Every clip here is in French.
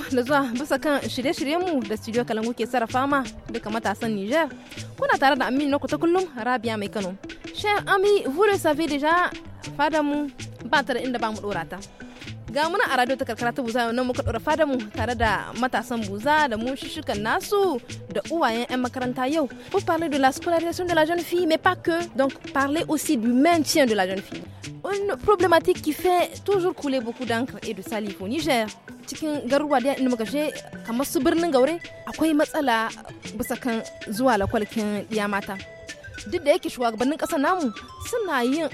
ku da zuwa bisa kan shirye-shiryenmu da studio kalangu ke sarrafa ma matasan Niger. Kuna tare da Aminu ku ta kullum Rabia Mai Kano. Cher ami, vous le savez déjà, fadamu ba ta da inda ba mu dora ta ga muna a radio ta karkara ta buza nan muka dora fada mu tare da matasan buza da mu shushukan nasu da uwayen yan makaranta yau pour parler de la scolarisation de la jeune fille mais pas que donc parler aussi du maintien de la jeune fille une problématique qui fait toujours couler beaucoup d'encre et de salive au Niger cikin garuwa da inda muka je kamar su birnin gaure akwai matsala bisa kan zuwa lakwalkin ya mata duk da yake shugabannin ƙasa namu suna yin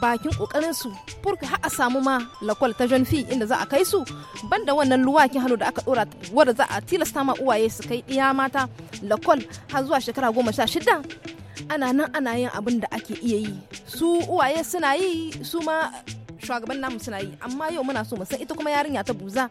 bakin ƙoƙarin su furka har a samu ma lakwal ta jan inda za a kai su banda wannan luwakin hannu da aka ɗora wadda za a tilasta ma uwaye su kai ɗaya mata lakwal har zuwa shekara goma sha shida ana nan ana yin abin da ake iya yi su uwaye suna yi su ma shugaban namu suna yi amma yau muna so mu san ita kuma yarinya ta buza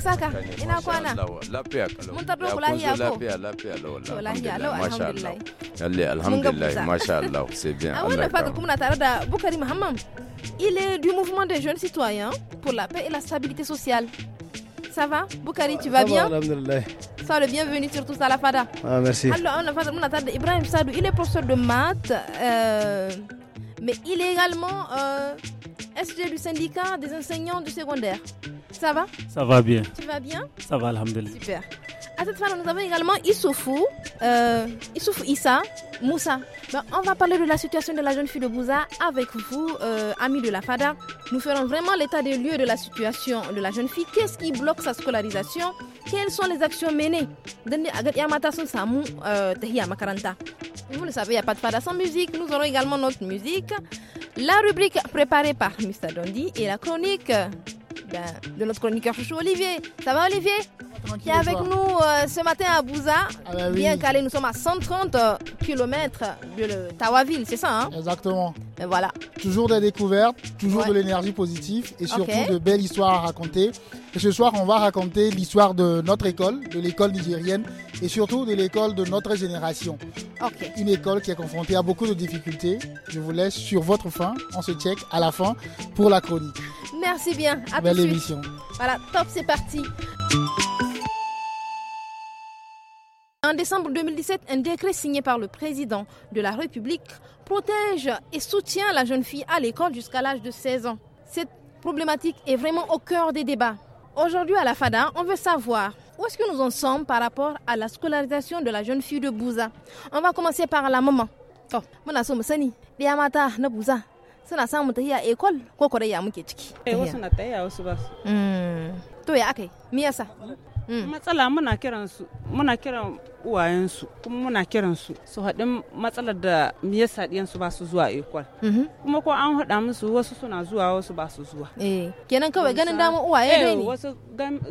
isaka ina kwana lafiya kalau mun tardo ku lafiya ko lafiya lafiya lawa lafiya lawa alhamdulillah lalle alhamdulillah masha Allah c'est bien ah a wannan fata kuma na tare da Bukari Muhammad il est du mouvement des jeunes citoyens pour la paix et la stabilité sociale ça va bukari tu vas bien va, Sois le bienvenu surtout à la FADA. Ah, merci. Alors, on a Ibrahim Sadou, il est professeur de maths, euh, mais il est également euh, SG du syndicat des enseignants du secondaire. Ça va Ça va bien. Tu vas bien Ça va, alhamdoulilah. Super. À cette fin, nous avons également Issoufou, euh, Issoufou Issa, Moussa. Ben, on va parler de la situation de la jeune fille de Bouza avec vous, euh, amis de la FADA. Nous ferons vraiment l'état des lieux de la situation de la jeune fille. Qu'est-ce qui bloque sa scolarisation Quelles sont les actions menées vous le savez, il n'y a pas de fada sans musique. Nous aurons également notre musique, la rubrique préparée par Mr. Dondi et la chronique ben, de notre chroniqueur chouchou Olivier. Ça va Olivier qui avec nous euh, ce matin à Bouza. Ah bah bien calé, nous sommes à 130 km de Tawaville, c'est ça hein Exactement. voilà. Toujours des découvertes, toujours de l'énergie positive et surtout de belles histoires à raconter. Et ce soir, on va raconter l'histoire de notre école, de l'école nigérienne et surtout de l'école de notre génération. Une école qui est confrontée à beaucoup de difficultés. Je vous laisse sur votre fin. On se check à la fin pour la chronique. Merci bien. À Belle émission Voilà, top, c'est parti. En décembre 2017, un décret signé par le président de la République protège et soutient la jeune fille à l'école jusqu'à l'âge de 16 ans. Cette problématique est vraiment au cœur des débats. Aujourd'hui à la FADA, on veut savoir où est-ce que nous en sommes par rapport à la scolarisation de la jeune fille de Bouza. On va commencer par la maman. Mm. matsala muna kiran su muna kiran uwayensu kuma muna kiran su su haɗin matsalar da me yasa su ba su zuwa ekwal mm-hmm. kuma ko an haɗa musu wasu suna zuwa wasu ba su zuwa eh, kenan kawai ganin dama uwaye eh, ne wasu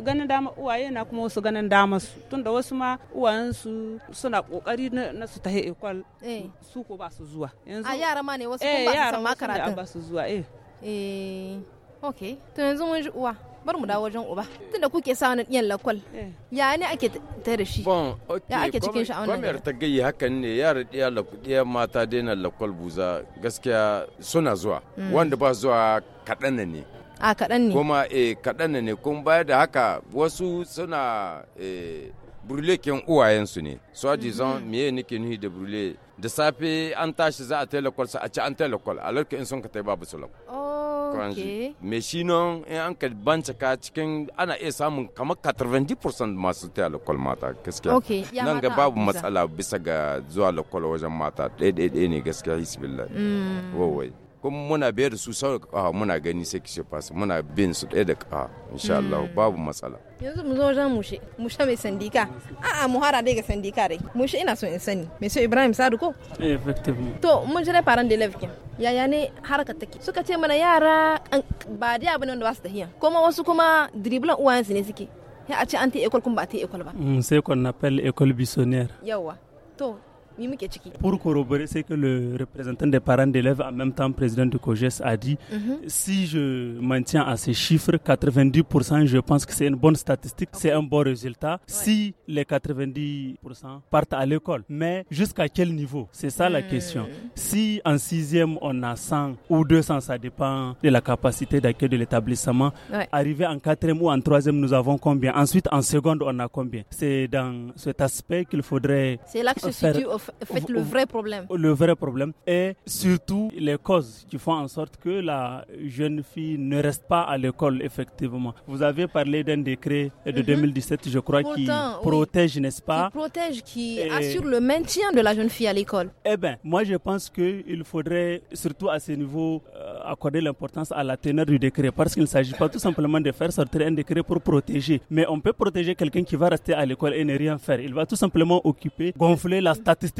ganin dama uwaye na kuma wasu ganin dama su tunda wasu ma uwayensu suna kokari na su tahi ekwal eh. su ko ba su zuwa a yara ma ne wasu kuma ba su ma ba su zuwa eh eh okay to yanzu mun ji uwa bar mu dawo wajen uba tunda kuke sa wani ɗiyan lakwal eh. ya ne ake ta da shi ya ake cikin shi a wannan kamar ta gayi hakan ne yara ɗiya mata daina lakwal buza gaskiya suna zuwa hmm. wanda ba zuwa kaɗan ne a kaɗan ne kuma eh kaɗan ne kuma baya da haka wasu suna eh uwayensu ne su ajizan mhm. miye nake nuhi da burle da safe an tashi za a lakwal sa a ci an a alarka in sun ka yi babu su lakwal oh, kwanji me shi non in an ka bancaka cikin ana iya samun kamar 90% masu ta lokal mata gaskiya nan ga babu matsala bisa ga zuwa lokal wajen mata ɗaya ɗaya ne gaskiya hisbillah hmm. wawai kuma muna biyar da su sau da muna gani sai kishe fasa muna bin su ɗaya da ƙaha insha hmm. Allah babu matsala yanzu mu zo wajen mushe mushe mai sandika a'a mu hara dai ga sandika dai mushe ina so in sani mai so Ibrahim Sadu ko eh, effectively to mun jira faran da lafiya yaya ne harkar take suka ce mana yara ba dai abin da ba su tafiya kuma wasu kuma uwayen su ne suke ya a ce an ta ekol kuma ba ta ekol ba hmm, sai kon pelle école buissonnière yawa to pour corroborer ce que le représentant des parents d'élèves en même temps président du COGES a dit mhm. si je maintiens à ces chiffres 90% je pense que c'est une bonne statistique c'est un bon résultat si les 90% partent à l'école mais jusqu'à quel niveau c'est ça la hmm. question si en sixième on a 100 ou 200 ça dépend de la capacité d'accueil de l'établissement arrivé en quatrième ou en troisième nous avons combien ensuite en seconde on a combien c'est dans cet aspect qu'il faudrait c'est là que se situe au le vrai problème. Le vrai problème et surtout les causes qui font en sorte que la jeune fille ne reste pas à l'école effectivement. Vous avez parlé d'un décret de 2017, mhm. je crois, qui protège, n'est-ce pas Qui protège, qui assure le maintien de la jeune fille à l'école. Eh bien, moi je pense qu'il faudrait surtout à ce niveau euh, accorder l'importance à la teneur du décret parce qu'il ne s'agit pas tout simplement de faire sortir un décret pour protéger, mais on peut protéger quelqu'un qui va rester à l'école et ne rien faire. Il va tout simplement occuper, gonfler la statistique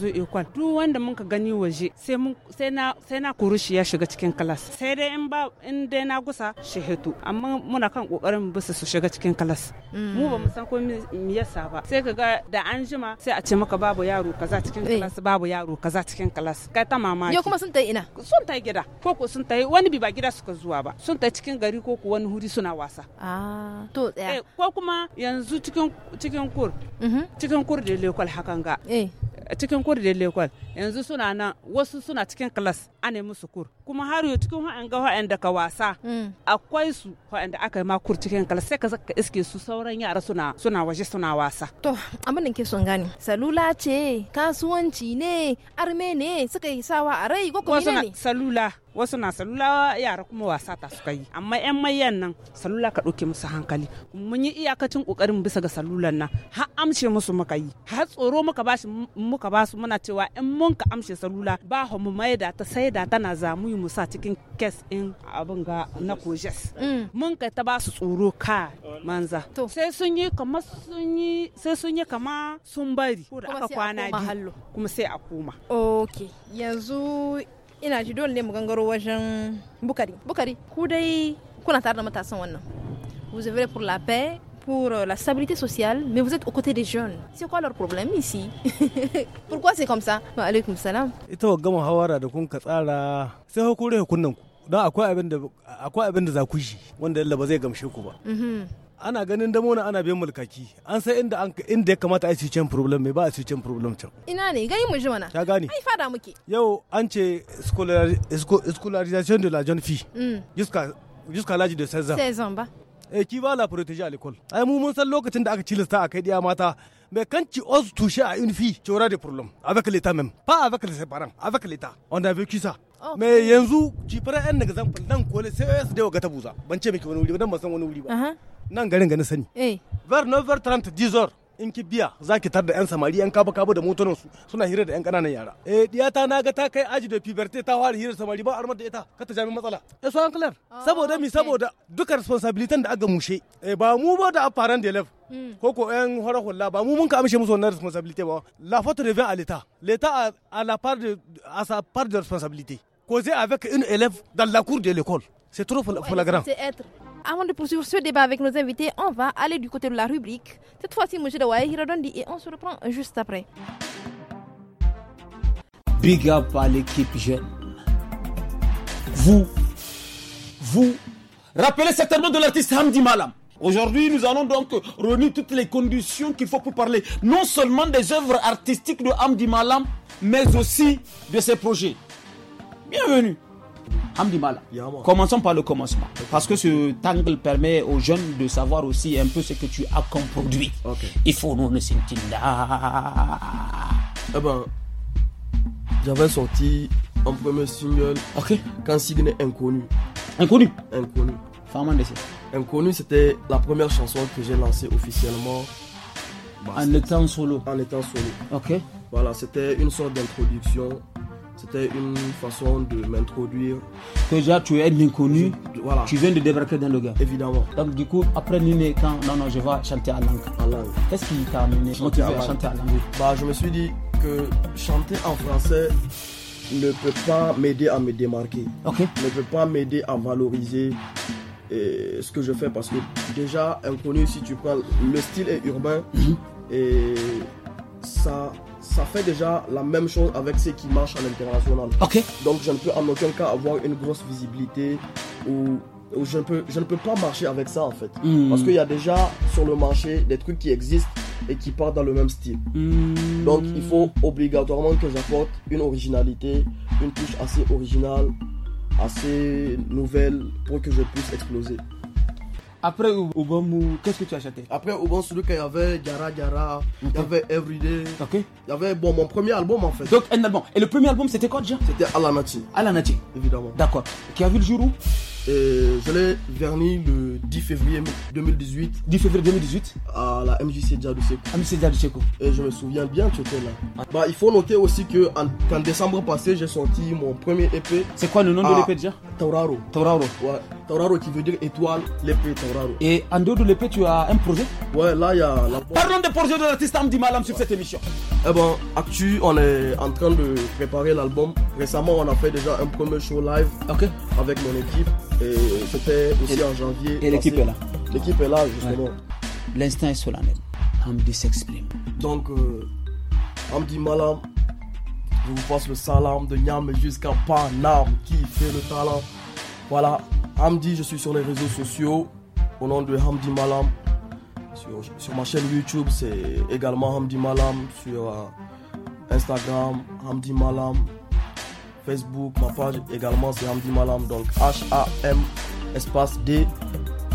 zo ikon duk wanda mun ka gani waje sai na sai na kurushi ya shiga cikin kalas sai dai in ba in dai na gusa shi hito amma muna kan kokarin bisa su shiga cikin kalas mm. mu ba mu san ko me yasa ba sai ka ga da an jima sai a ce maka babu yaro kaza cikin kalas eh. babu yaro kaza cikin kalas kai ta mamaki yo kuma sun ta ina sun ta gida ko ko sun ta wani bi ba gida suka zuwa ba sun ta cikin gari ko ko wani huri suna wasa ah to tsaya eh, ko kuma yanzu cikin cikin kur mhm. cikin kur da lekwal hakan ga eh. a cikin kurjin lekwal yanzu suna nan wasu suna cikin a nemi musu kur kuma har yau cikin wa'anda wa'anda ka wasa mm. akwai su da aka yi ma cikin klas sai ka zaka iske su sauran yara suna suna waje suna wasa to abin da ke son gane salula ce kasuwanci ne arme ne suka yi sawa a rai ko kuma ne salula wasu na salula yara kuma wasa ta suka yi amma yan mayan nan salula ka ɗauke musu hankali mun yi iyakacin ƙoƙarin bisa ga salulan nan har amshe musu muka yi har tsoro muka bashi muka basu muna cewa in mun mun ka amshe salula ba mai da ta da tana zamu mu sa cikin kes in abin ga na kojes mm. mun ka ta ba su tsoro ka manza sai sun yi kama sun yi sai sun yi kama sun bari ko da aka kwana biyu kuma sai a koma okay yanzu ina ji dole ne mu gangaro wajen bukari bukari ku dai kuna tare da matasan wannan vous avez pour la paix pour euh, la stabilité sociale, mais vous êtes aux côtés des jeunes. C'est quoi leur problème ici Pourquoi c'est comme ça Wa alaikum salam. Ita gama hawara da kun ka tsara sai hakure hukunan ku. Don akwai abin da akwai abin da za ku ji wanda Allah ba zai gamshe ku ba. Mhm. ana ganin damo na ana biyan mulkaki an san inda an inda ya kamata a cuce problem mai ba a cuce problem can ina ne gani mu ji mana Ka gane. ai fada muke yau an ce scolarisation de la jeune fille mm. jusqu'à jusqu'à l'âge de 16 ans 16 ans ba qui ba la protéger à l'école ai mu mun san lokacin da aka ci lista kai diya mata mais quand tu oses toucher à une fille tu auras des problèmes avec l'état même pas avec les parents avec l'état on a vécu ça Okay. mais yanzu jifarar yan daga zamfan nan kole sai su dawo ga tabuza ban ce miki wani wuri ba dan ban san wani wuri ba nan garin ga na sani ver 9 h 30 10 h in ki biya za ki tar da yan samari yan kaba kaba da motunan suna hira da yan kananan yara eh diyata na ga ta kai aji da puberty ta fara hira samari ba armar da ita ka ta jami matsala eh so an clear ah, saboda mi saboda duka responsibility da aka mushe eh ba mu ba da afaran da level hmm. ko ko yan hulla ba mu mun ka amshe musu wannan responsibility ba la faute revient à l'état l'état a la part de à sa part de responsabilité causer avec une élève dans la cour de l'école c'est trop flagrant c'est être avant de poursuivre ce débat avec nos invités, on va aller du côté de la rubrique. Cette fois-ci, redonne Hiradondi et on se reprend juste après. Big up à l'équipe jeune. Vous, vous, rappelez certainement de l'artiste Hamdi Malam. Aujourd'hui, nous allons donc réunir toutes les conditions qu'il faut pour parler non seulement des œuvres artistiques de Hamdi Malam, mais aussi de ses projets. Bienvenue. Hamdi commençons par le commencement. Parce que ce tangle permet aux jeunes de savoir aussi un peu ce que tu as comme produit. Il faut nous là. Eh ben, j'avais sorti un premier single. Ok. Quand signe inconnu. Inconnu Inconnu. Inconnu, c'était la première chanson que j'ai lancée officiellement. en étant solo. En étant solo. Ok. Voilà, c'était une sorte d'introduction c'était une façon de m'introduire. déjà tu es l'inconnu, voilà. tu viens de débarquer dans le gars. Évidemment. Donc du coup, après Nune, quand non, je vais chanter à langue. À langue. Qu'est-ce qui t'a amené à, chanter à langue bah, Je me suis dit que chanter en français ne peut pas m'aider à me démarquer. Ne peut pas m'aider à valoriser eh, ce que je fais parce que déjà inconnu si tu parles le style est urbain mhm. et ça ça fait déjà la même chose avec ceux qui marchent à l'international. Donc je ne peux en aucun cas avoir une grosse visibilité ou, je, ne peux, pas marcher avec ça en fait. Hmm. Parce qu'il y a déjà sur le marché des trucs qui existent et qui partent dans le même style. Hmm. Donc il faut obligatoirement que j'apporte une originalité, une touche assez originale, assez nouvelle pour que je puisse exploser. Après Ubamu, qu'est-ce que tu as acheté Après Ubamu il y avait Jara Jara, il y avait Everyday. Ok. Il y avait bon, mon premier album en fait. Donc un album. Et le premier album c'était quoi déjà C'était Alanati. Alanati. Évidemment. D'accord. Qui a vu le jour où euh, je l'ai verni le 10 février 2018. 10 février 2018 À la MJC de MJC de Seco. Et je me souviens bien, que tu étais là. Bah, il faut noter aussi qu'en décembre passé, j'ai sorti mon premier EP. C'est quoi le nom de ah, l'EP déjà Tauraro. Tauraro. Ouais. Tauraro qui veut dire étoile, l'épée Tauraro. Et en dehors de l'épée, tu as un projet Ouais, là, il y a la... Parlons des projets de l'artiste Amdi Malam sur cette émission. Eh ben, actuellement on est en train de préparer l'album. Récemment, on a fait déjà un premier show live avec mon équipe. Et c'était aussi en janvier. Et l'équipe est là. L'équipe est là, justement. L'instinct est solennel. Hamdi s'exprime. Donc, Hamdi euh, Malam, je vous passe le salam de Niam jusqu'à Panam qui fait le talent. Voilà, Hamdi, je suis sur les réseaux sociaux au nom de Hamdi Malam. Sur, ma chaîne YouTube, c'est également Hamdi Malam. Sur euh, Instagram, Hamdi Malam. Facebook, ma page également c'est Hamdi Malam, donc H-A-M espace D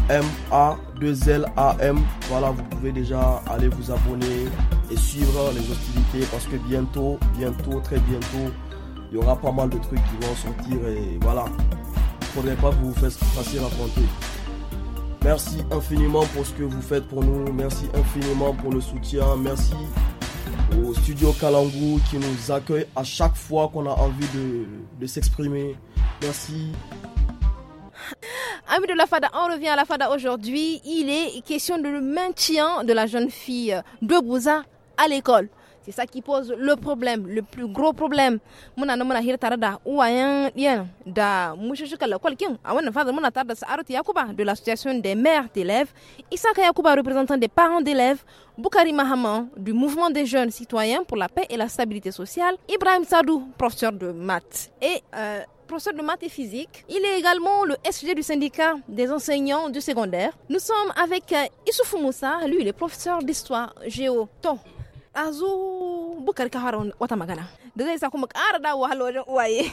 M-A-2-L-A-M. Voilà, vous pouvez déjà aller vous abonner et suivre les activités parce que bientôt, bientôt, très bientôt, il y aura pas mal de trucs qui vont sortir et voilà. Il faudrait pas vous vous fassiez passer Merci infiniment pour ce que vous faites pour nous. Merci infiniment pour le soutien. Merci au studio Kalangu qui nous accueille à chaque fois qu'on a envie de, s'exprimer. Merci. Ami de la FADA, on revient à la FADA aujourd'hui. Il est question de le maintien de la jeune fille de Bouza à l'école c'est ça qui pose le problème le plus gros problème muna nan muna hira uwayen da a wannan muna de l'association des mères d'élèves isaka yakuba représentant des parents d'élèves Bukari Mahaman du mouvement des jeunes citoyens pour la paix et la stabilité sociale Ibrahim Sadou professeur de maths et euh, professeur de maths et physique. Il est également le SG du syndicat des enseignants du secondaire. Nous sommes avec euh, Issoufou Moussa, lui il est professeur d'histoire géo. Ton, zo bukar ka wata magana da zai sa kuma ƙara dawo hal wajen uwaye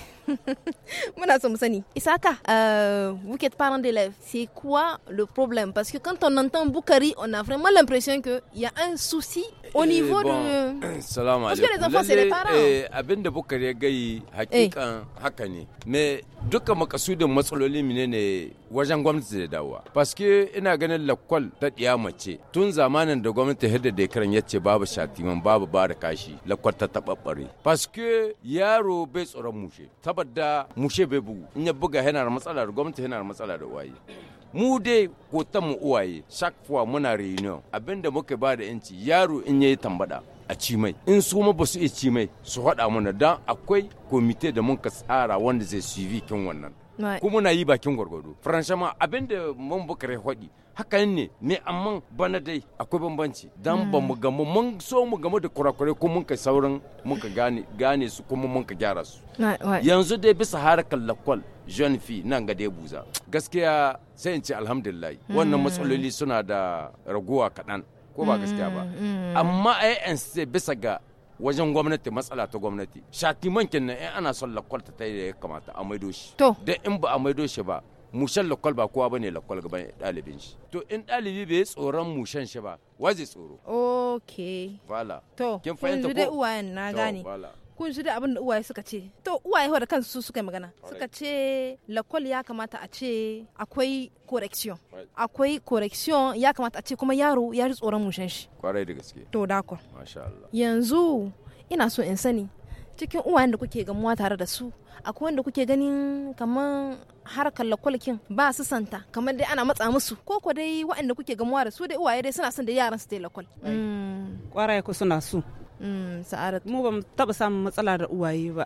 muna so mu sani isaka euh, vous qui d'élèves c'est quoi le problème parce que quand on entend Boukari on a vraiment l'impression que il y a un souci au eh, niveau bon, de salam parce que les enfants c'est les parents eh, abinda Boukari ya gai hakikan haka ne mais duka makasudin matsalolin ne ne wajen gwamnati da dawowa parce que ina ganin lakwal ta diya mace tun zamanin da gwamnati hidda da kiran yace babu shatiman babu ba da kashi lakwal ta tababbare parce paske yaro bai tsoron mushe da mushe bai bugu in ya buga yana da matsala da gwamnati yana da matsala da uwaye mu dai hoton mu uwaye shakfuwa muna reunion abinda muka ba da yanci yaro in yayi tambada a ci mai in su ma ba su iya ci mai su haɗa mana dan akwai komite da muka tsara wanda zai suivi kin wannan kuma na yi bakin gwargwado faransama abin da man bukare hodi haka ne ne amma bana dai akwai bambanci dan ba mu gamu mun so mu gamu da kurakure kuma mun kai saurin mun ka gane gane su kuma mun ka gyara su yanzu dai bisa harakan lakwal jeune fi nan ga dai buza gaskiya sai in ce alhamdulillah wannan mm. matsaloli suna da raguwa kaɗan ko ba gaskiya ba mm, mm. amma a yi bisa ga wajen gwamnati matsala ta gwamnati shati mankin in ana son lakwal ta da ya kamata a maido shi to da in ba a maido shi ba mushen lakwal ba kowa bane lakwal gaban dalibin shi to in dalibi bai tsoron mushen shi ba waje tsoro okay fala to kin fahimta ko uwayen na gane kun shi da abin da uwaye suka ce to uwaye da kansu suka yi magana suka ce lakol ya kamata a ce akwai correction akwai correction ya kamata a ce kuma yaro ya ji tsoron mushen shi kwarai da gaske to dako yanzu ina so in sani cikin uwayen da kuke gamuwa tare da su akwai wanda kuke ganin kamar harkar lakwalkin ba su santa kamar dai ana matsa musu ko ko dai waɗanda kuke gamuwa da su dai uwaye dai suna son da yaran su dai lakwal mm. kwarai ku suna su Mm, mu ba mu taba samun matsala da uwaye ba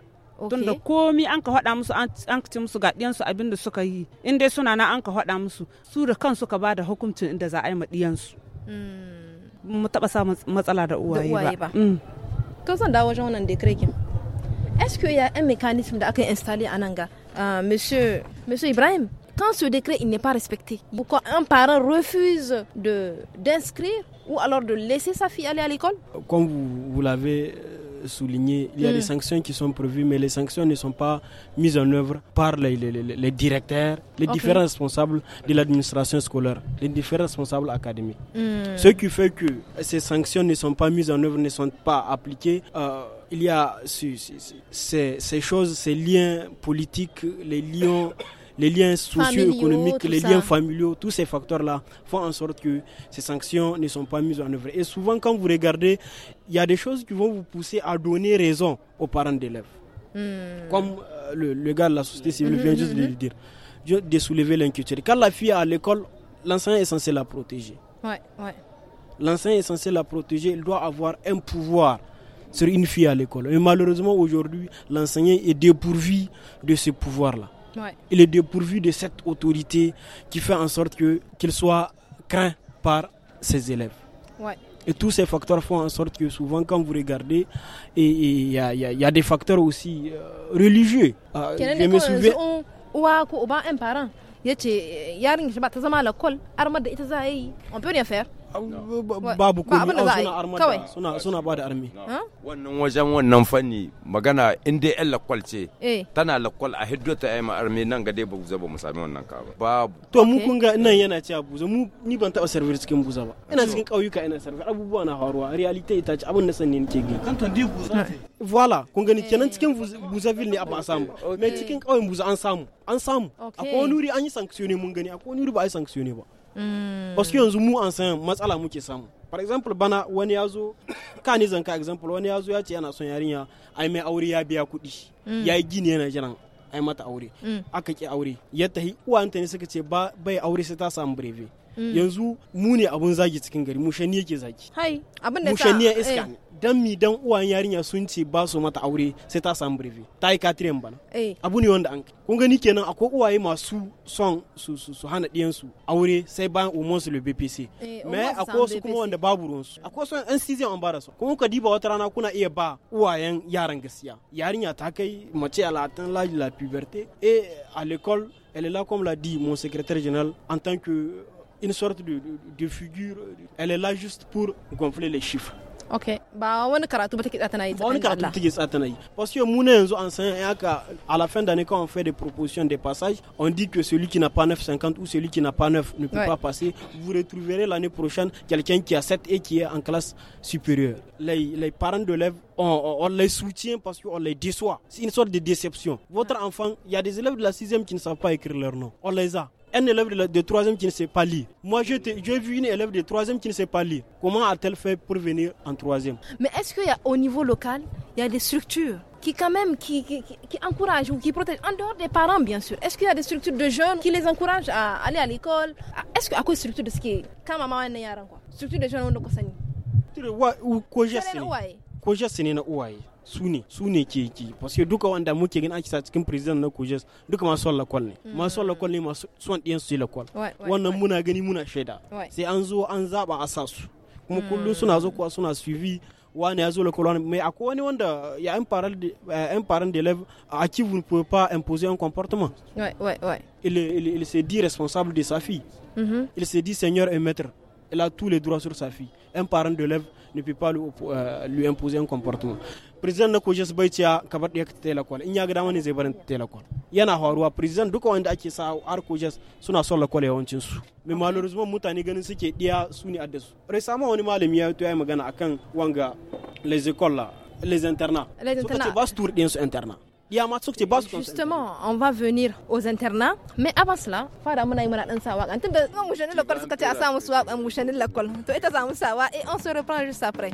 tun da komi an ka faɗa musu an ci musu ga diyan abin da suka yi in dai suna na an ka faɗa musu su da kansu ka ba da hukuncin inda za a yi ma ɗiyansu mm. mu taba samun matsala da uwaye ba mm. to san dawo wajen wannan dekrekin est-ce qu'il y a un mécanisme da aka installé a nan ga euh, monsieur monsieur Ibrahim quand ce décret il n'est pas respecté pourquoi un parent refuse de d'inscrire ou alors de laisser sa fille aller à l'école Comme vous, l'avez euh, souligné, il y a mm. des sanctions qui sont prévues, mais les sanctions ne sont pas mises en œuvre par les, directeurs, les différents responsables de l'administration scolaire, les différents responsables académiques. Mm. Ce qui fait que ces sanctions ne sont pas mises en œuvre, ne sont pas appliquées. Euh, il y a ces, ces choses, ces liens politiques, les liens les liens socio-économiques, les liens familiaux, tous ces facteurs-là font en sorte que ces sanctions ne sont pas mises en œuvre. Et souvent, quand vous regardez, il y a des choses qui vont vous pousser à donner raison aux parents d'élèves. Hmm. Comme euh, le, gars de la société civile mhm, vient juste mhm, de mhm. le dire, de soulever l'inquiétude. Quand la fille est à l'école, l'enseignant est censé la protéger. L'enseignant est censé la protéger, il doit avoir un pouvoir sur une fille à l'école. Et malheureusement, aujourd'hui, l'enseignant est dépourvu de ce pouvoir-là. Il est dépourvu de cette autorité qui fait en sorte que qu'il soit craint par ses élèves. Et tous ces facteurs font en sorte que souvent, quand vous regardez, il y a, y, a des facteurs aussi euh, religieux. Ah, je me souviens. On peut rien faire. babu kuma suna armada suna suna ba da armi wannan wajen wannan fanni magana in dai yan lakwal ce eh. tana lakwal a hiddo ta yi armi nan ga dai buza ba mu sami wannan ka ba babu to mu kun ga nan yana cewa buza mu ni ban taba servir cikin buza ba ina cikin kauyuka ina servir abubuwa na faruwa reality ita ce abin da sanne nake gani kan tandi buza ce voila kun gani kenan cikin buza ville ne ba samu mai cikin kauyen buza an samu an samu akwai wani wuri an yi sanctioning mun gani akwai wani wuri ba a yi sanctioning ba Mm. parce yanzu mu an san matsala muke samu. For example bana wani ya zo ka ni zanka example wani ya zo ya ce yana son yarinya ai mai aure ya biya kuɗi. Mm. Ya yi gini yana jiran ai mata aure. Mm. Aka ki aure. Ya tahi uwanta ne suka ce ba bai aure sai ta samu breve. Mm. yanzu mu ne abun zagi cikin gari mu shani yake zagi hai abin da sa iska eh. ne dan mi dan uwan yarinya sun ce ba su mata aure sai ta samu brevi ta yi katirin bana eh. abu ne wanda an kun gani kenan akwai uwaye masu son su su hana diyansu aure sai bayan umon su bpc eh, me akwai wasu kuma wanda babu ruwan su akwai son an sizi an bara su kuma ka diba wata rana kuna iya ba uwayen yaran gaskiya yarinya ta kai mace a latin la puberté et à l'école elle est là comme l'a dit mon secrétaire général en tant que une sorte de, de, figure. Elle est là juste pour gonfler les chiffres. ok bah, on on parce que à la fin d'année quand on fait des propositions des passages on dit que celui qui n'a pas 9,50 ou celui qui n'a pas 9 ne peut pas passer vous retrouverez l'année prochaine quelqu'un qui a 7 et qui est en classe supérieure les, les parents d'élèves on, on, les soutient parce qu'on les déçoit c'est une sorte de déception votre enfant il y a des élèves de la 6 qui ne savent pas écrire leur nom on les a un élève de troisième qui ne sait pas lire. Moi, j'ai vu une élève de troisième qui ne sait pas lire. Comment a-t-elle fait pour venir en troisième Mais est-ce qu'il au niveau local, il y a des structures qui quand même qui, encouragent ou qui protègent, en dehors des parents bien sûr. Est-ce qu'il y a des structures de jeunes qui les encouragent à aller à l'école ah, Est-ce qu'à a de structure de ce qui est Quand maman est Structure de jeunes, su ne su ne parce que duka wanda muke gani ci sa kim president na kujes duka mm. masu son lakwal ne masu son lakwal ne ma son ɗiyan su yi kol wannan muna gani muna sheda sai an zo an zaɓa a sa kuma mm. kullu suna zo kuwa suna suivi wani ya zo lakwal wani mai akwai wani wanda ya un parent d'élève à qui vous ne pouvez pas imposer un comportement Ouais, il, il, il se dit responsable de sa fille mm-hmm. il se dit seigneur et maître il a tous les droits sur sa fille un parent d'élève ne peut pas lui, euh, lui imposer un comportement président na kojes bai ciya ka bar ɗaya ta lakwal in ya ga zai barin ta lakwal yana faruwa president duka wanda ake sa har kojes suna son lakwal yawancin su mai malurzuman mutane ganin suke diya su ne addasu rai sama wani malami ya yi magana akan wanga lezekola les internats. Les internats. Suka ce ba su turi ɗinsu internat. Justement, on va venir aux internats, mais avant cela, on se reprend juste après.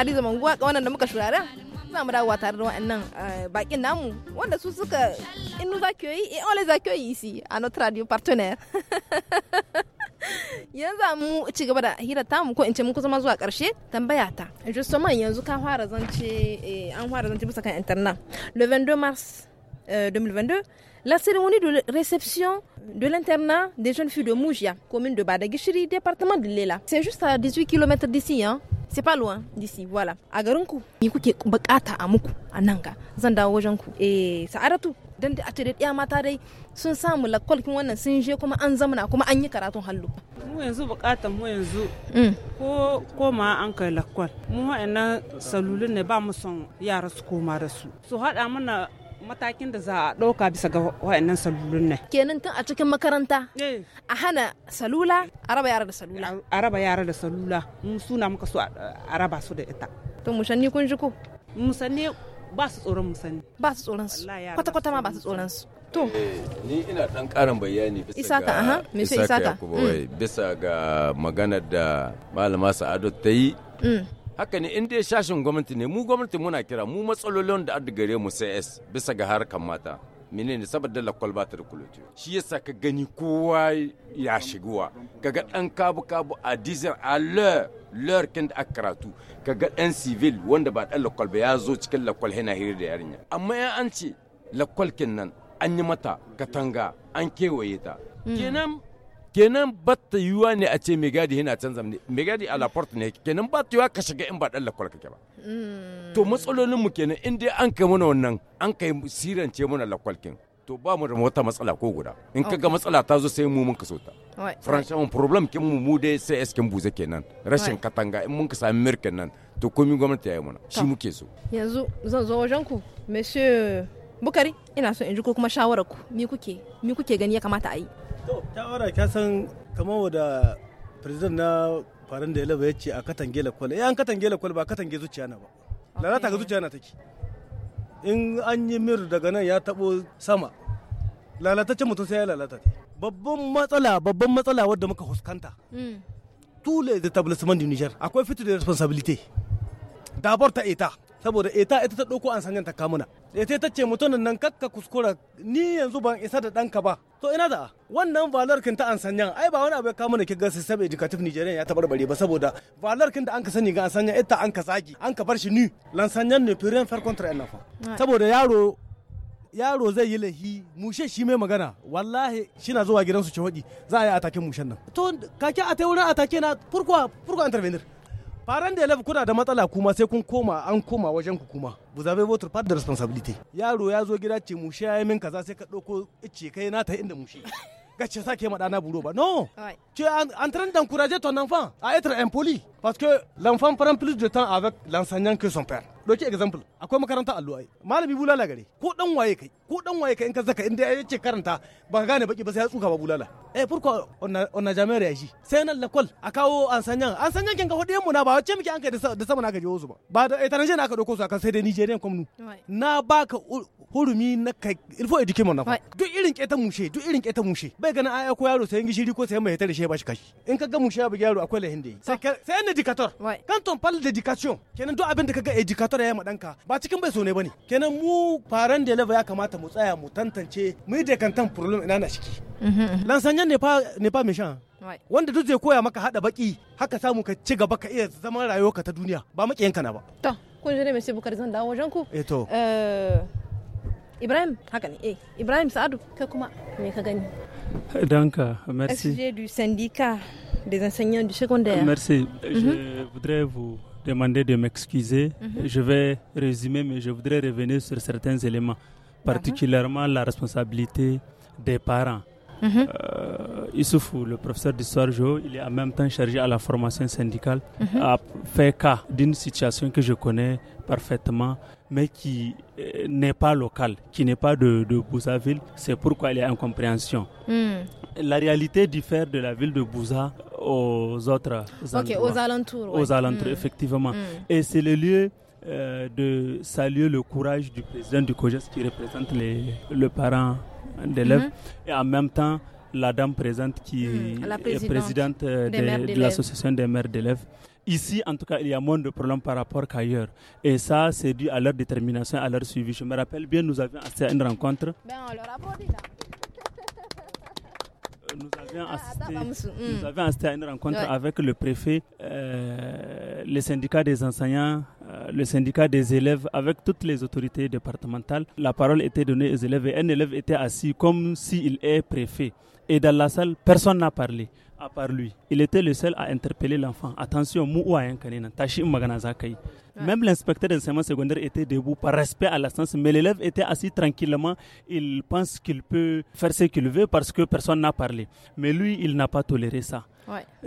hadiza manguwa wannan da muka da bakin namu wanda su suka inu on les accueille ici a notre radio partenaire da ta mu ko mun kusa zuwa tambaya ta yanzu ka fara zance eh, an fara zance bisa kan le 22 mars 2022 eh, la cérémonie de réception de l'internat des jeunes filles de Moujia, commune de Badagishiri, département de Lela. C'est juste à 18 km d'ici, hein. C'est pas loin d'ici, voilà. A garinku, yikuke bakata amuku, ananga, zanda wajanku. Et ça arrête tout. dan da atare ɗaya mata dai sun samu lakwalkin wannan sun je kuma an zamana kuma an yi karatun hallu mu yanzu bukatan mu yanzu hmm. ko koma an kai lakwal mu wa'annan salulun ne ba mu son yara su koma da su su haɗa matakin da za a ɗauka bisa ga wa'annan salulun ne. Kenan tun a cikin makaranta eh. a hana salula a raba yara da salula. A raba yara da salula mun suna muka so a raba su da ita. To musanni kun ji ko? Musanni ba su tsoron musanni. Ba su tsoron su. Kwata-kwata ma ba su tsoron su. To. Eh, ni ina ɗan ƙarin bayani bisa ga aha, me isaka. Mm. Bisa ga maganar da malama Sa'adu ta yi. Mm. haka ne in dai shashin gwamnati ne mu gwamnati muna kira mu matsalolin da adda gare mu sai s bisa ga harkar mata menene saboda la kwalba ta da shi yasa ka gani kowa ya shigowa kaga dan kabu kabu a diesel a leur leur kin da karatu kaga dan civil wanda ba dan lakwal ya zo cikin lakwal yana hira da yarinya amma ya an ce lakwal kin nan an yi mata katanga an kewaye ta mm. kenan kenan batta yiwuwa ne a ce mai gadi yana can zamne mai gadi a laporte ne kenan batta ta yiwuwa ka shiga in ba dan lakwal kake ba mm. to matsalolinmu kenan in dai an kai mana wannan an kai sirance mana lakwal kin to ba mu da wata matsala ko guda in kaga matsala ta zo sai mu mun kaso ta franchement problem kin mu mu dai sai eskin buze kenan rashin katanga in mun ka sami mirkin nan to komi gwamnati ya yi mana shi muke so yanzu zan zo wajen ku monsieur bukari ina so in ji ko kuma shawara ku ni kuke ni kuke gani ya kamata a yi To, ka san kamar wada president na faran da ya laba ya ce a katange lakwal. ya eh, an katange lakwal ba katange zuciya na ba. Lalata ga zuciya na take. In an yi mir daga nan ya tabo sama. Lalataccen mutum sai ya lalata ta. Babban matsala, babban matsala wadda muka fuskanta. Mm. Tule da tablisman da Niger akwai fitu da responsibility. Dabar ta ita saboda ita ita ta ɗauko an sanyanta kamuna. Eh, ita ta ce mutumin nan kakka kuskura ni yanzu ban isa da ɗanka ba to ina da wannan valar kin ta an sanya ai ba wani abu ya kama da kiga system educative nigeria ya tabarbare ba saboda valar kin da an ka sani ga an sanya ita an ka zagi an ka bar shi ni lan sanya ne pirin far kontra ina fa saboda yaro yaro zai yi lahi mushe shi mai magana wallahi shina zuwa gidansu ce hodi za a yi atakin mushen nan to kake a tai wurin atake na furkuwa furkuwa intervenir faran da kuna da matsala kuma sai kun koma an koma wajen ku kuma vous avez votre part de responsabilité yaro ya zo gida ce mushe ya yi min kaza sai ka dauko ice kai na ta inda mushe gace ça qui est madame Bourouba. Non Tu es en train d'encourager ton enfant à être impoli. Parce que l'enfant prend plus de temps avec l'enseignant que son père. doki example akwai makaranta allo ai malami bulala gare ko dan waye kai ko dan waye kai in ka zaka inda ya karanta ba ka gane baki ba sai ya tsuka ba bulala eh furko na jami'ar yashi sai nan lakol a kawo an sanyan an sanyan kin ga hudiyan mu na ba wace muke an kai da sama na ka jiwo su ba ba da etanaje na ka doko su akan sai da nigerian komnu na baka hurumi na kai ilfo education na duk irin keta mushe duk irin keta mushe bai gana aya ko yaro sayan gishiri ko sayan mai tare shi ba shi kashi in ka ga mushe ya yaro akwai lahin da yi sai ne dikator kan ton pal dedication kenan duk abin da ka ga tara ya ɗanka ba cikin bai so ne bane kenan mu faran da ya kamata mu tsaya mu tantance mu yi dekantan problem ina na shiki mhm, mhm. lansanyan ne fa ne fa mishan wanda duk zai koya maka hada baki haka samu ka ci gaba ka iya zaman rayuwarka ta duniya ba makiyanka na ba to kun ji ne mai bukar zan dawo wajen ku eh to eh, Ibrahim haka ne eh Ibrahim Sa'adu kai kuma me ka gani eh, Danka merci SJ du syndicat des enseignants du secondaire Merci mhm. je voudrais vous demander de m'excuser. Mhm. Je vais résumer, mais je voudrais revenir sur certains éléments, particulièrement la responsabilité des parents. Mhm. Euh, Issoufou, le professeur d'histoire géo, il est en même temps chargé à la formation syndicale, mhm. a fait cas d'une situation que je connais parfaitement, mais qui euh, n'est pas locale, qui n'est pas de, de Bouzaville. C'est pourquoi il y a incompréhension. Hmm. La réalité diffère de la ville de Bouza aux autres aux alentours. Aux alentours, mm. effectivement. Mm. Et c'est le lieu euh, de saluer le courage du président du COGES qui représente les, le parent d'élèves mm-hmm. et en même temps la dame présente qui mm, est présidente euh, de, l'association des mères d'élèves. Ici, en tout cas, il y a moins de problèmes par rapport qu'ailleurs. Et ça, c'est dû à leur détermination, à leur suivi. Je me rappelle bien, nous avions assez à une rencontre. Ben, on leur a ah, hmm. nous avions assisté, à une rencontre avec le préfet, euh, le syndicat des enseignants, euh, le syndicat des élèves, avec toutes les autorités départementales. La parole était donnée aux élèves et un élève était assis comme s'il était préfet. Et dans la salle, personne n'a parlé à part lui. Il était le seul à interpeller l'enfant. Attention, Même l'inspecteur d'enseignement secondaire était debout par respect à la mais l'élève était assis tranquillement. Il pense qu'il peut faire ce qu'il veut parce que personne n'a parlé. Mais lui, il n'a pas toléré ça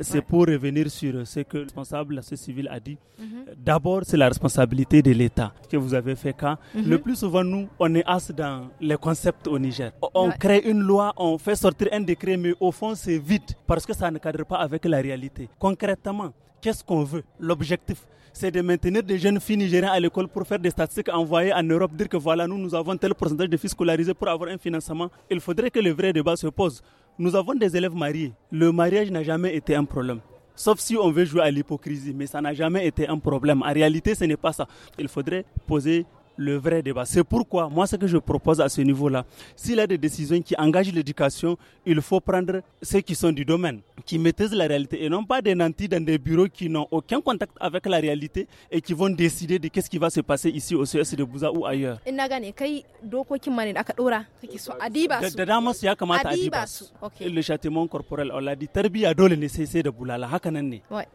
c'est pour revenir sur ce que le responsable de la société civile a dit. Mhm. D'abord, c'est la responsabilité de l'État que vous avez fait cas. Mhm. Le plus souvent, nous, on est as dans les concepts au Niger. On crée une loi, on fait sortir un décret, mais au fond, c'est vide parce que ça ne cadre pas avec la réalité. Concrètement, qu'est-ce qu'on veut L'objectif c'est de maintenir des jeunes filles nigériennes à l'école pour faire des statistiques envoyées en Europe, dire que voilà, nous, nous avons tel pourcentage de filles scolarisées pour avoir un financement. Il faudrait que le vrai débat se pose. Nous avons des élèves mariés. Le mariage n'a jamais été un problème. Sauf si on veut jouer à l'hypocrisie, mais ça n'a jamais été un problème. En réalité, ce n'est pas ça. Il faudrait poser le vrai débat. C'est pourquoi moi ce que je propose à ce niveau-là, s'il y a des décisions qui engagent l'éducation, il faut prendre ceux qui sont du domaine, qui maîtrisent la réalité et non pas des nantis dans des bureaux qui n'ont aucun contact avec la réalité et qui vont décider de qu'est-ce qui va se passer ici au CS de Bouza ou ailleurs. Le châtiment corporel, on l'a dit,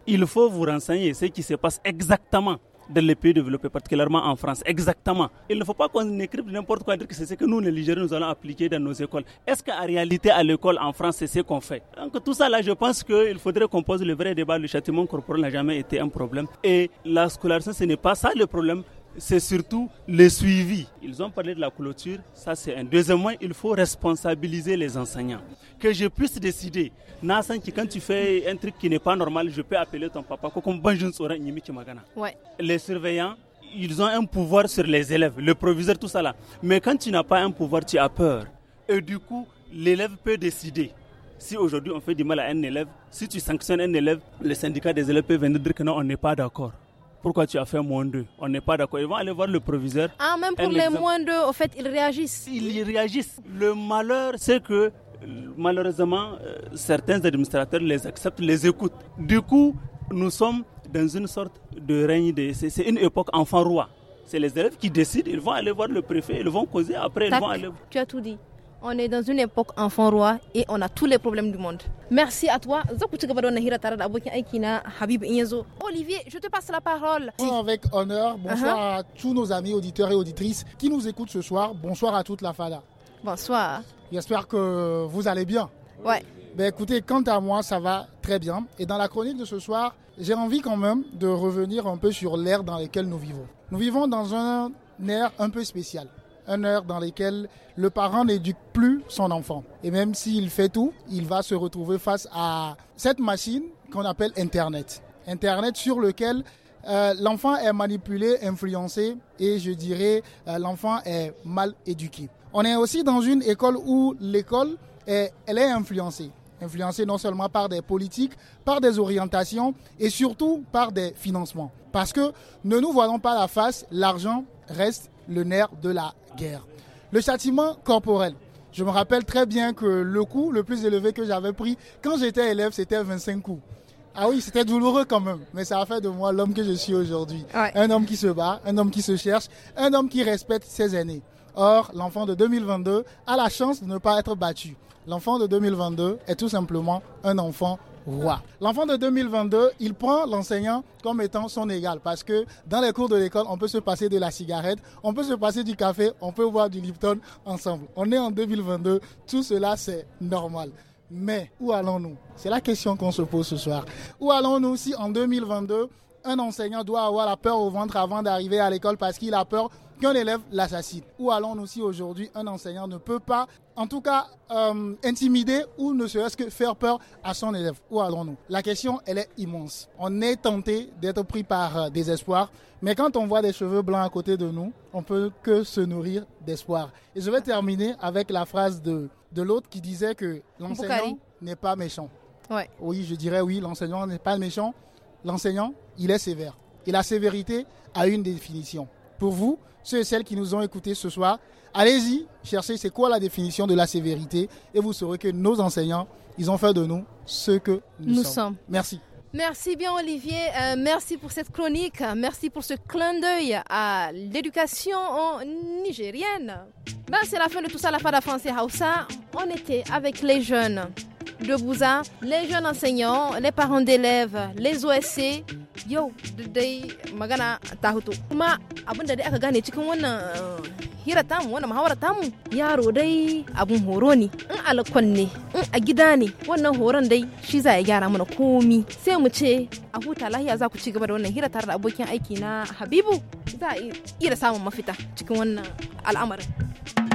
il faut vous renseigner ce qui se passe exactement dans les pays développés, particulièrement en France. Exactement. Il ne faut pas qu'on écrive n'importe quoi, dire que c'est ce que nous, les Ligériens, nous allons appliquer dans nos écoles. Est-ce qu'en réalité, à l'école en France, c'est ce qu'on fait Donc tout ça, là, je pense qu'il faudrait qu'on pose le vrai débat. Le châtiment corporel n'a jamais été un problème. Et la scolarisation, ce n'est pas ça le problème c'est surtout le suivi. Ils ont parlé de la clôture, ça c'est un. Deuxièmement, il faut responsabiliser les enseignants. Que je puisse décider, quand tu fais un truc qui n'est pas normal, je peux appeler ton papa. Les surveillants, ils ont un pouvoir sur les élèves, le proviseur, tout ça là. Mais quand tu n'as pas un pouvoir, tu as peur. Et du coup, l'élève peut décider. Si aujourd'hui on fait du mal à un élève, si tu sanctionnes un élève, le syndicat des élèves peut venir dire que non, on n'est pas d'accord. Pourquoi tu as fait moins d'eux On n'est pas d'accord. Ils vont aller voir le proviseur. Ah, même pour les moins d'eux, au fait, ils réagissent. Ils réagissent. Le malheur, c'est que malheureusement, euh, certains administrateurs les acceptent, les écoutent. Du coup, nous sommes dans une sorte de règne. De, c'est une époque enfant-roi. C'est les élèves qui décident, ils vont aller voir le préfet, ils vont causer, après ils vont aller... Tu as tout dit on est dans une époque enfant roi et on a tous les problèmes du monde. Merci à toi. Olivier, je te passe la parole. Avec honneur, bonsoir uh-huh. à tous nos amis auditeurs et auditrices qui nous écoutent ce soir. Bonsoir à toute la FADA. Bonsoir. J'espère que vous allez bien. Ouais. Ben écoutez, quant à moi, ça va très bien. Et dans la chronique de ce soir, j'ai envie quand même de revenir un peu sur l'ère dans laquelle nous vivons. Nous vivons dans un air un peu spécial un heure dans laquelle le parent n'éduque plus son enfant. Et même s'il fait tout, il va se retrouver face à cette machine qu'on appelle Internet. Internet sur lequel euh, l'enfant est manipulé, influencé et je dirais euh, l'enfant est mal éduqué. On est aussi dans une école où l'école est, elle est influencée. Influencée non seulement par des politiques, par des orientations et surtout par des financements. Parce que ne nous voyons pas la face, l'argent reste le nerf de la guerre. Le châtiment corporel. Je me rappelle très bien que le coup le plus élevé que j'avais pris quand j'étais élève, c'était 25 coups. Ah oui, c'était douloureux quand même, mais ça a fait de moi l'homme que je suis aujourd'hui. Un homme qui se bat, un homme qui se cherche, un homme qui respecte ses aînés. Or, l'enfant de 2022 a la chance de ne pas être battu. L'enfant de 2022 est tout simplement un enfant L'enfant de 2022, il prend l'enseignant comme étant son égal parce que dans les cours de l'école, on peut se passer de la cigarette, on peut se passer du café, on peut boire du Lipton ensemble. On est en 2022, tout cela c'est normal. Mais où allons-nous C'est la question qu'on se pose ce soir. Où allons-nous si en 2022, un enseignant doit avoir la peur au ventre avant d'arriver à l'école parce qu'il a peur qu'un élève l'assassine Où allons-nous si aujourd'hui un enseignant ne peut pas en tout cas euh, intimider ou ne serait-ce que faire peur à son élève. Où allons-nous La question, elle est immense. On est tenté d'être pris par euh, des désespoir, mais quand on voit des cheveux blancs à côté de nous, on peut que se nourrir d'espoir. Et je vais terminer avec la phrase de, de l'autre qui disait que l'enseignant n'est pas méchant. Ouais. Oui, je dirais oui, l'enseignant n'est pas méchant. L'enseignant, il est sévère. Et la sévérité a une définition. Pour vous, ceux et celles qui nous ont écoutés ce soir, allez-y, cherchez c'est quoi la définition de la sévérité et vous saurez que nos enseignants, ils ont fait de nous ce que nous, sommes. Merci. Merci bien Olivier, euh, merci pour cette chronique, merci pour ce clin d'œil à l'éducation nigérienne. Ben, c'est la fin de tout ça, la fin de la France et Hausa. On était avec les jeunes. de Bouza, les jeunes enseignants, les parents d'élèves, les OSC, yau de magana ta Kuma abin da dai aka gane cikin wannan eh, hira tamu wannan muhawara tamu yaro dai abun horo ne in alkon ne in a gida ne wannan horon dai shi za ya gyara mana komi sai mu ce a huta lahiya za ku ci gaba da wannan hira tare da abokin aiki na Habibu za a iya samun mafita cikin wannan al'amarin.